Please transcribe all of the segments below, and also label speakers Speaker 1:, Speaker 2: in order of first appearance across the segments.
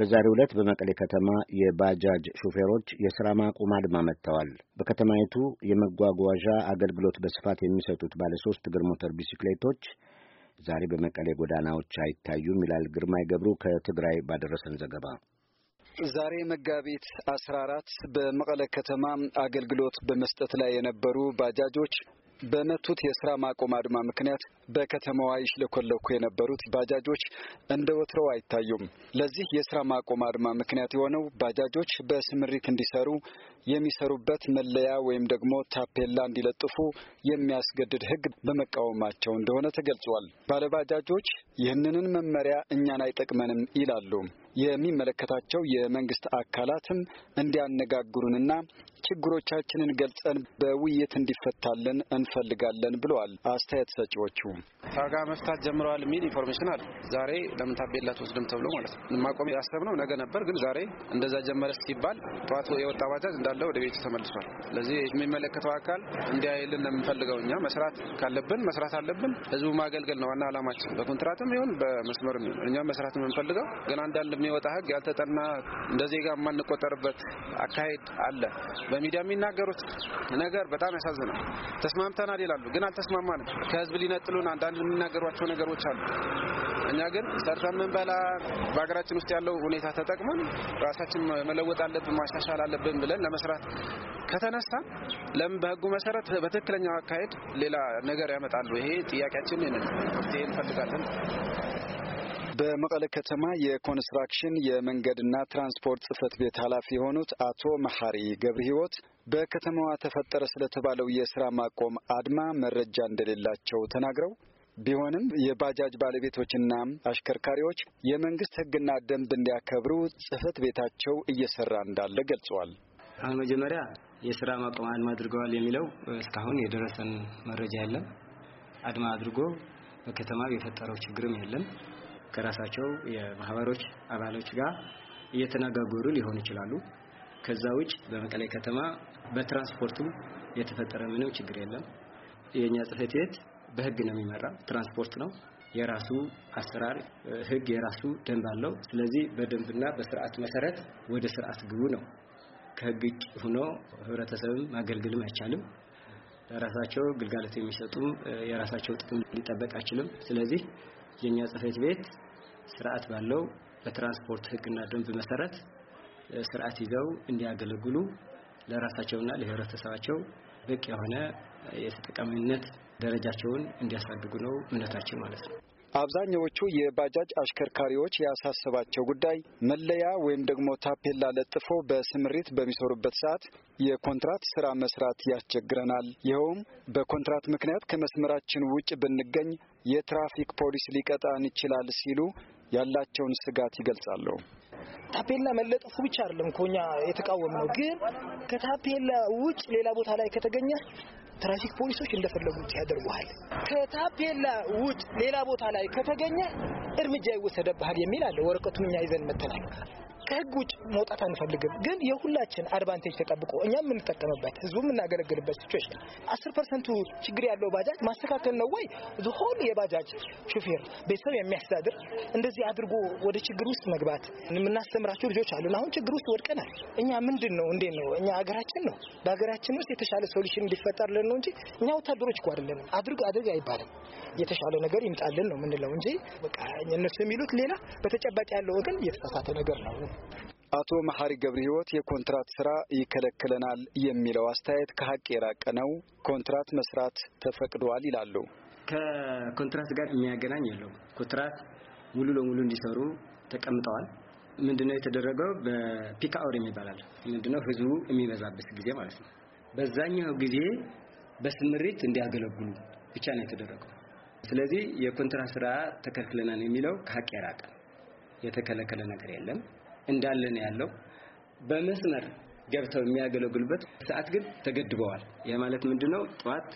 Speaker 1: በዛሬው ዕለት በመቀሌ ከተማ የባጃጅ ሾፌሮች የሥራ ማቆም አድማ መጥተዋል። በከተማይቱ የመጓጓዣ አገልግሎት በስፋት የሚሰጡት ባለ ሦስት እግር ሞተር ቢሲክሌቶች ዛሬ በመቀሌ ጎዳናዎች አይታዩም ይላል ግርማይ ገብሩ ከትግራይ ባደረሰን ዘገባ።
Speaker 2: ዛሬ መጋቢት አስራ አራት በመቀለ ከተማ አገልግሎት በመስጠት ላይ የነበሩ ባጃጆች በመቱት የስራ ማቆም አድማ ምክንያት በከተማዋ ይሽለኮለኩ የነበሩት ባጃጆች እንደ ወትሮው አይታዩም። ለዚህ የስራ ማቆም አድማ ምክንያት የሆነው ባጃጆች በስምሪት እንዲሰሩ የሚሰሩበት መለያ ወይም ደግሞ ታፔላ እንዲለጥፉ የሚያስገድድ ሕግ በመቃወማቸው እንደሆነ ተገልጿል። ባለባጃጆች ይህንንን መመሪያ እኛን አይጠቅመንም ይላሉ። የሚመለከታቸው የመንግስት አካላትም እንዲያነጋግሩንና ችግሮቻችንን ገልጸን በውይይት እንዲፈታልን እንፈልጋለን ብለዋል አስተያየት ሰጪዎቹ።
Speaker 3: ታጋ መፍታት ጀምረዋል የሚል ኢንፎርሜሽን አለ። ዛሬ ለምን ታቤላት ወስድም ተብሎ ማለት ነው። ማቆም ያሰብነው ነገ ነበር፣ ግን ዛሬ እንደዛ ጀመረ ሲባል ጠዋት የወጣ ባጃጅ እንዳለ ወደ ቤቱ ተመልሷል። ስለዚህ የሚመለከተው አካል እንዲያይልን ነው የምንፈልገው። እኛ መስራት ካለብን መስራት አለብን። ህዝቡ ማገልገል ነው ዋና አላማችን፣ በኮንትራትም ይሁን በመስመር እኛ መስራት የምንፈልገው ግን አንዳንድ የሚወጣ ህግ ያልተጠና እንደ ዜጋ የማንቆጠርበት አካሄድ አለ። በሚዲያ የሚናገሩት ነገር በጣም ያሳዝናል። ተስማምተናል ይላሉ፣ ግን አልተስማማንም። ከህዝብ ሊነጥሉን አንዳንድ የሚናገሯቸው ነገሮች አሉ። እኛ ግን ሰርተን ምንበላ በሀገራችን ውስጥ ያለው ሁኔታ ተጠቅመን ራሳችን መለወጥ አለብን ማሻሻል አለብን ብለን ለመስራት ከተነሳ ለምን በህጉ መሰረት በትክክለኛው አካሄድ ሌላ ነገር ያመጣሉ? ይሄ ጥያቄያችን ይህንን እንፈልጋለን።
Speaker 2: በመቀለ ከተማ የኮንስትራክሽን የመንገድና ትራንስፖርት ጽህፈት ቤት ኃላፊ የሆኑት አቶ መሐሪ ገብረ ህይወት በከተማዋ ተፈጠረ ስለተባለው የስራ ማቆም አድማ መረጃ እንደሌላቸው ተናግረው ቢሆንም የባጃጅ ባለቤቶችና አሽከርካሪዎች የመንግስት ህግና ደንብ እንዲያከብሩ ጽህፈት ቤታቸው እየሰራ እንዳለ ገልጸዋል።
Speaker 1: አሁን መጀመሪያ የስራ ማቆም አድማ አድርገዋል የሚለው እስካሁን የደረሰን መረጃ የለም። አድማ አድርጎ በከተማ የፈጠረው ችግርም የለም። ከራሳቸው የማህበሮች አባሎች ጋር እየተነጋገሩ ሊሆን ይችላሉ። ከዛ ውጭ በመቀሌ ከተማ በትራንስፖርቱ የተፈጠረ ምንም ችግር የለም። የኛ ጽህፈት ቤት በህግ ነው የሚመራ። ትራንስፖርት ነው የራሱ አሰራር ህግ፣ የራሱ ደንብ አለው። ስለዚህ በደንብና በስርዓት መሰረት ወደ ስርዓት ግቡ ነው። ከህግ ውጭ ሆኖ ህብረተሰብም ማገልገልም አይቻልም። ለራሳቸው ግልጋሎት የሚሰጡም የራሳቸው ጥቅም ሊጠበቅ አይችልም። ስለዚህ የኛ ጽህፈት ቤት ስርዓት ባለው በትራንስፖርት ህግና ደንብ መሰረት ስርዓት ይዘው እንዲያገለግሉ ለራሳቸውና ለህብረተሰባቸው በቂ የሆነ የተጠቃሚነት ደረጃቸውን እንዲያሳድጉ ነው እምነታችን ማለት ነው።
Speaker 2: አብዛኛዎቹ የባጃጅ አሽከርካሪዎች ያሳሰባቸው ጉዳይ መለያ ወይም ደግሞ ታፔላ ለጥፎ በስምሪት በሚሰሩበት ሰዓት የኮንትራት ስራ መስራት ያስቸግረናል። ይኸውም በኮንትራት ምክንያት ከመስመራችን ውጭ ብንገኝ የትራፊክ ፖሊስ ሊቀጣን ይችላል ሲሉ ያላቸውን ስጋት ይገልጻሉ።
Speaker 4: ታፔላ መለጠፉ ብቻ አይደለም እኮ እኛ ነው። ግን ከታፔላ ውጭ ሌላ ቦታ ላይ ከተገኘ ትራፊክ ፖሊሶች እንደፈለጉት ያደርጉሃል። ከታፔላ ውጭ ሌላ ቦታ ላይ ከተገኘ እርምጃ ይወሰደብሃል የሚል አለ። ወረቀቱን እኛ ይዘን መተናል። ከህግ ውጭ መውጣት አንፈልግም። ግን የሁላችን አድቫንቴጅ ተጠብቆ እኛም የምንጠቀምበት ህዝቡ የምናገለግልበት ሲቹዌሽን አስር ፐርሰንቱ ችግር ያለው ባጃጅ ማስተካከል ነው ወይ ዝሆን የባጃጅ ሹፌር ቤተሰብ የሚያስተዳድር እንደዚህ አድርጎ ወደ ችግር ውስጥ መግባት የምናስተምራቸው ልጆች አሉ። አሁን ችግር ውስጥ ወድቀናል። እኛ ምንድን ነው እንዴት ነው እኛ ሀገራችን ነው በሀገራችን ውስጥ የተሻለ ሶሉሽን እንዲፈጠርልን ነው እንጂ እኛ ወታደሮች እኮ አይደለንም። አድርግ አድርግ አይባልም። የተሻለ ነገር ይምጣልን ነው ምንለው እንጂ በቃ እነሱ የሚሉት ሌላ፣ በተጨባጭ ያለው ግን የተሳሳተ ነገር ነው።
Speaker 2: አቶ መሐሪ ገብረ ህይወት የኮንትራት ስራ ይከለክለናል የሚለው አስተያየት ከሀቅ የራቀ ነው፣ ኮንትራት መስራት ተፈቅዷል ይላሉ።
Speaker 1: ከኮንትራት ጋር የሚያገናኝ የለው ኮንትራት ሙሉ ለሙሉ እንዲሰሩ ተቀምጠዋል። ምንድነው የተደረገው? በፒክ አወር የሚባላል ምንድነው ህዝቡ የሚበዛበት ጊዜ ማለት ነው። በዛኛው ጊዜ በስምሪት እንዲያገለግሉ ብቻ ነው የተደረገው። ስለዚህ የኮንትራት ስራ ተከልክለናል የሚለው ከሀቅ የራቀ የተከለከለ ነገር የለም። እንዳለ ነው ያለው። በመስመር ገብተው የሚያገለግሉበት ሰዓት ግን ተገድበዋል። ያ ማለት ምንድነው? ጠዋት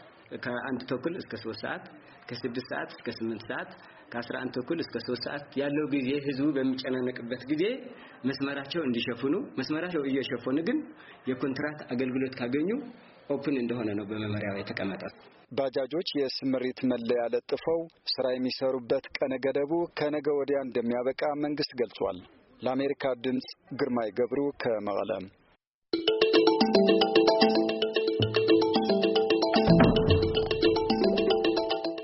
Speaker 1: ከአንድ ተኩል እስከ 3 ሰዓት፣ ከ6 ሰዓት እስከ 8 ሰዓት፣ ከ11 ተኩል እስከ 3 ሰዓት ያለው ጊዜ ህዝቡ በሚጨናነቅበት ጊዜ መስመራቸው እንዲሸፍኑ፣ መስመራቸው እየሸፈኑ ግን የኮንትራክት አገልግሎት ካገኙ ኦፕን እንደሆነ ነው በመመሪያው የተቀመጠ።
Speaker 2: ባጃጆች የስምሪት መለያ ለጥፈው ስራ የሚሰሩበት ቀነ ገደቡ ከነገ ወዲያ እንደሚያበቃ መንግስት ገልጿል። ለአሜሪካ ድምፅ ግርማይ ገብሩ ከመቀለም